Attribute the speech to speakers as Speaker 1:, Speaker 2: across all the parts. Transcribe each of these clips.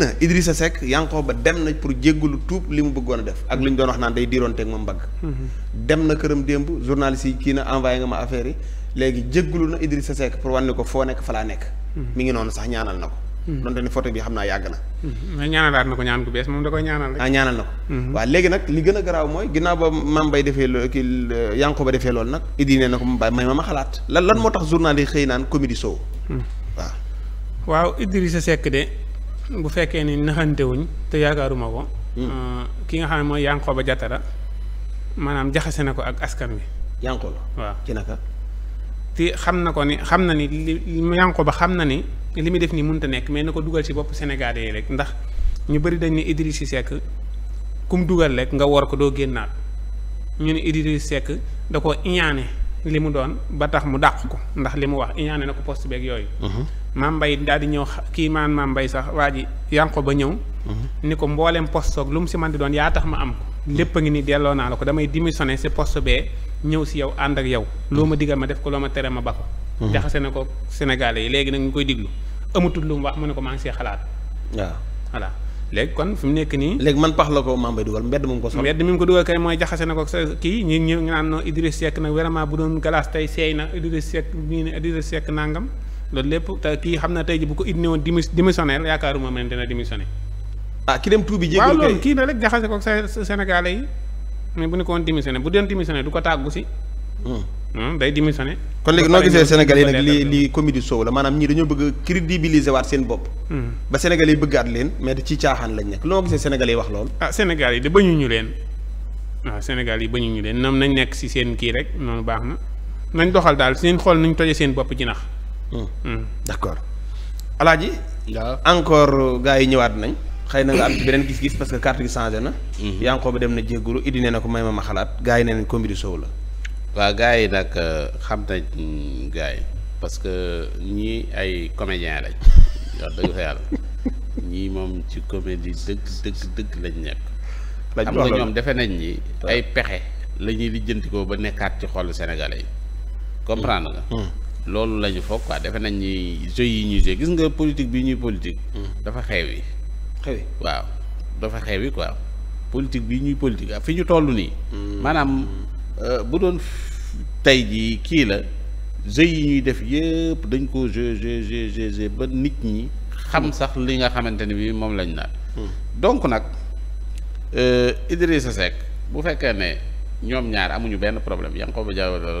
Speaker 1: na Idrissa Seck Yankoba dem na pour jéggalu tuub li mu bëggoon a def ak li ñu doon wax naan day diiroonteeg mhm. na këram démb journaliste yi kii na envoyé nga ma affaire yi léegi jéggalu na wan ne ko foo nekk fa nekk mhm. mi ngi ñaanal na ko mhm. donte ni xam naa yàgg na
Speaker 2: mais ñaanalaat na ko ñaan gu bees moom da koy ñaanal rek ah
Speaker 1: na ko waaw
Speaker 2: léegi nag li gën a garaaw mooy ginnaaw ba
Speaker 1: mam bay defee loolu ki euh, Yankoba defee loolu nag Idri nee na ko mbay may ma ma xalaat lan lan moo tax journal yi xëy naan comédie show waaw
Speaker 2: waaw Idrissa Seck de bu fekkee ni naxantewuñ te yaakaaruma ko. Hmm. Euh, ki nga xam ne mooy ba jatara maanaam jaxase na ko ak askan wi. Yankhoba waaw ci naka. te xam na ko ni xam na ni li ba xam na ni li muy def nii mënut a nekk mais na ko dugal ci bopp Sénégal yi rek ndax ñu bëri dañ ni si Seck kum dugal rek nga wor ko doo génnaat ñu ne Idrissa Seck da koo iñaane li mu doon ba tax mu dàq ko ndax li mu wax iñaane na ko poste beek yooyu mhm. maam mbay daal di ñëw kii maan maam mbay sax waa ji yanqo ba ñëw mhm. ni ko mbooleem poste lu mu si man di doon yaa tax ma am mhm. lépp a ngi ni delloo naa la ko damay démissionné si poste bee ñëw si yow ànd ak yow loo ma digal ma def ko loo ma tere ma ba ko jaxase ne ko sénégalais yi léegi nag ñu koy diglu amatul lu mu wax mu ne ko maa ngi xalaat waaw voilà léegi kon fi mu nekk nii. léegi man pax la ko maam bay dugal mbedd mu ko sol. mbedd mi mu ko dugal kay mooy jaxase na ko sa kii ñi ñu naan Idriss Seck nag vraiment bu doon galaas tey seey na Idriss Seck ñii ne Idriss nangam loolu lépp te kii xam na tey ji bu ko indi woon dimis démissionnaire yaakaaruma man dina démissionné. ah ki dem tuubi jégalu kay waaw loolu kii na rek jaxase ko sa Sénégalais yi mais bu ñu ko woon démissionné bu doon démissionné du ko tàggu si. Hmm. Hmm, day démissionné. kon léegi noo gisee Sénégal yi nag li
Speaker 1: li comédie soow la maanaam ñii dañoo bëgg a crédibiliser waat seen bopp. Hmm. ba Sénégal yi bëggaat leen mais ci caaxaan lañ nekk
Speaker 2: loo gisee Sénégal yi wax lool. ah Sénégal yi de bañuñu leen waaw ah, Sénégal yi bañuñu leen ñoom nañ nekk si seen kii rek noonu baax na nañ doxal daal seen xool nañ toje seen bopp ci nax. Hmm. d'accord alaaj waaw encore euh, gars yi ñëwaat
Speaker 1: nañ. xëy na nga am ci beneen gis-gis parce que carte gi changé na. yaa ngi ko ba dem ma ma
Speaker 3: xalaat yi nee nañ comédie soow la waa gars yi nag euh, xam nañ mm, gars yi parce que ñii ay comédien lañ wax dëgg fa yàlla ñii moom ci comédie dëgg dëgg dëgg lañ nekk. xam nga ñoom defe nañ ni ay pexe la ñuy lijjantikoo ba nekkaat ci xolu sénégalais yi comprendre mm. Mm. loolu la ñu foog defe nañ ni jeu yi ñuy jeu gis nga politique bi ñuy politique. dafa xew yi. xew yi waaw dafa xew yi quoi politique bi ñuy politique fi ñu toll nii. maanaam. Euh, bu doon tey jii kii la jeu yi ñuy def yëpp dañ ko jeu jeu jeu jeu ba nit ñi xam hmm. sax li nga xamante ni bi moom lañ naan hmm. donc nag euh, Idrissa Seck bu fekkee ne ñoom ñaar amuñu benn problème Yankhoba Diattara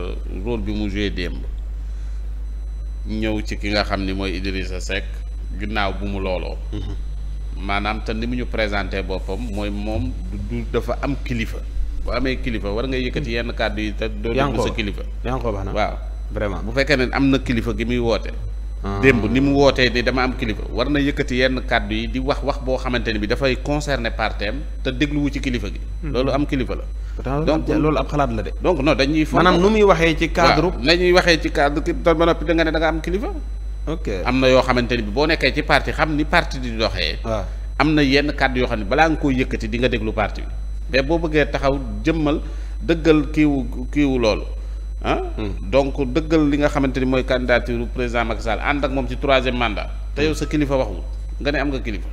Speaker 3: rôle bi mu joué démb ñëw ci ki nga xam ni mooy Idrissa Seck ginnaaw bu mu looloo hmm. maanaam te ni muñu ñu boppam mooy moom du dafa am kilifa bu amee kilifa war nga yëkkati yenn kàddu yi te doo déglu sa kilifa waaw vraiment bu fekkee ne am na kilifa gi muy woote ah. démb ni mu wootee ni dama am kilifa war na yëkkati yenn kàddu yi di wax wax boo xamante ne bi dafay concerné parteem te dégluwu ci kilifa gi. Hmm. loolu am kilifa la. donc loolu ab xalaat la de. donc non dañuy. maanaam nu muy waxee ci cadre. nañuy waxee ci cadre ki ba noppi da nga ne danga am kilifa. ok am na yoo xamante ni bi boo nekkee ci parti xam ni parti di doxee. am na yenn kàddu yoo xam ne balaa nga koo yëkkati di nga déglu parti mais boo bëggee taxaw jëmmal dëggal kiiwu kiiwu loolu ah hmm. donc dëggal li nga xamante ni mooy candidature président Macky Sall ànd ak moom ci troisième mandat te yow sa kilifa waxul nga ne am nga kilifa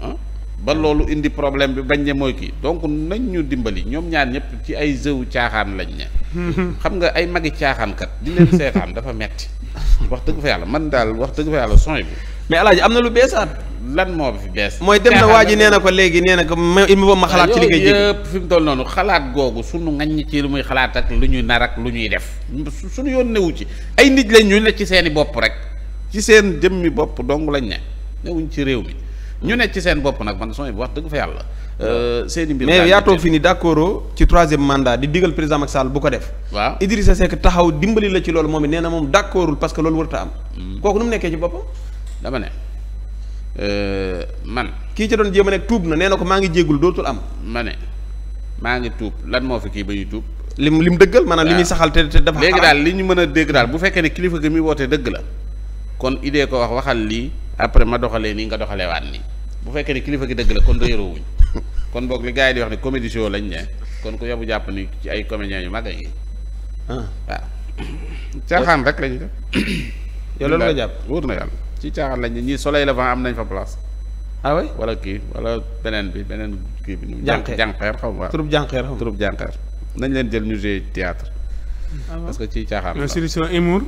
Speaker 3: ah? ba loolu indi problème bi bañ ne mooy kii donc nañ ñu dimbali ñoom ñaan ñëpp ci ay jëwu caaxaan lañ ne xam nga ay magi caaxaankat di leen seetaan dafa metti wax dëgg fa yàlla man daal wax dëgg fa yàlla son bi mais alaaji am na lu beesaat. lan moo fi bees. mooy dem na waa ji nee na ko léegi nee na ko ma il ma ah, xalaat ci liggéey. yooyu yëpp fi mu toll noonu nar ak lu ñuy def suñu yoon newu ci ay nit lañ ñu ne ci seeni bopp rek ci seen jëmmi bopp dong lañ ne newuñ ci réew mi ñu ne ci seen bopp nag man sooy wax dëgg fa yàlla. Euh, seeni mbir mais yaa toog
Speaker 1: fii ni ci troisième mandat di digal président Macky Sall bu ko def. waaw Idrissa Seck taxaw dimbali la ci loolu moom it nee na moom d'accordul parce
Speaker 3: que loolu warut a am. Hmm. kooku nu mu nekkee ci boppam. dama ne euh, man. kii ca doon jéem a nekk tuub na nee na ko maa ngi jéggul dootul am. ma ne maa ngi tuub lan moo fi kii ba ñuy tuub. li mu dëggal maanaam li muy saxal te te dafa. léegi daal li ñu mën a dégg daal bu fekkee ne kilifa gi muy wootee dëgg la kon idée ko wax waxal lii après ma doxalee nii nga doxalee waat nii bu fekkee ne kilifa gi dëgg la kon réeroo wuñ kon boog li gars yi di wax ne comédie show lañ ne kon ku yabu jàpp ni ci ay comédiens yu mag a ah. rek lañu def jàpp wóor yàlla ci caaxaan lañ ñii soleil levant am nañ fa place. ah wala kii wala beneen bi beneen kii bi. jànqeer jànqeer xaw ma waaw troupe jànqeer xaw ma troupe jànqeer nañ leen jël ñu jouer théâtre ah parce que ci caaxaan la
Speaker 2: solution humour.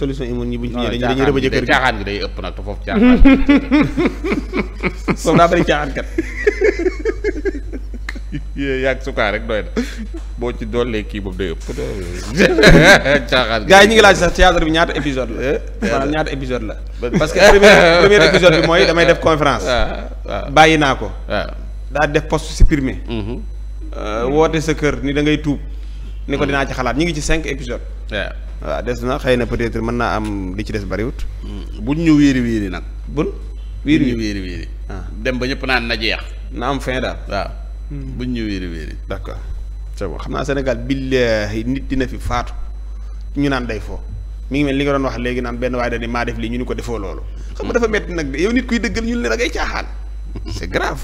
Speaker 3: solution humour ñi bu ñu ñëwee dañuy rëbb jëkkër gi caaxaan gi day ëpp nag te foofu caaxaan. foofu daa bëri caaxaan kat. yéen yàgg sukaar rek doy na. boo ci doolee kii boobu day ëpp. Euh, caaxaan gars yi ñu ngi laaj sax
Speaker 1: théâtre bi ñaata épisode la. Eh, maanaam ñaata la. parce que premier premier épisode bi mooy damay def conférence. Ah, ah. bàyyi naa ko. waaw ah. daa def post supprimé. Mm-hmm. Euh, woote sa kër ni da ngay tuub.
Speaker 3: ni ko mm-hmm. dinaa ci xalaat
Speaker 1: ñu ngi ci cinq épisodes. waaw des na xëy na peut-être mën naa am li ci des bariwut. Mm. buñ ñu wiiri wiiri nag. buñ. wiiri wiiri
Speaker 3: wiiri dem ba ñëpp naan na jeex. na am fin daal. waaw hmm. buñ ñu wiiri wiiri. d'accord. c'est bon xam naa
Speaker 1: Sénégal billaahi nit dina fi faatu ñu naan dey foo mi ngi mel li nga doon wax léegi naan benn waaye dañuy maa def lii ñu ni ko defoo loolu. xam nga dafa metti nag yow nit kuy dëggal ñu ne la ngay caaxaan c'est grave.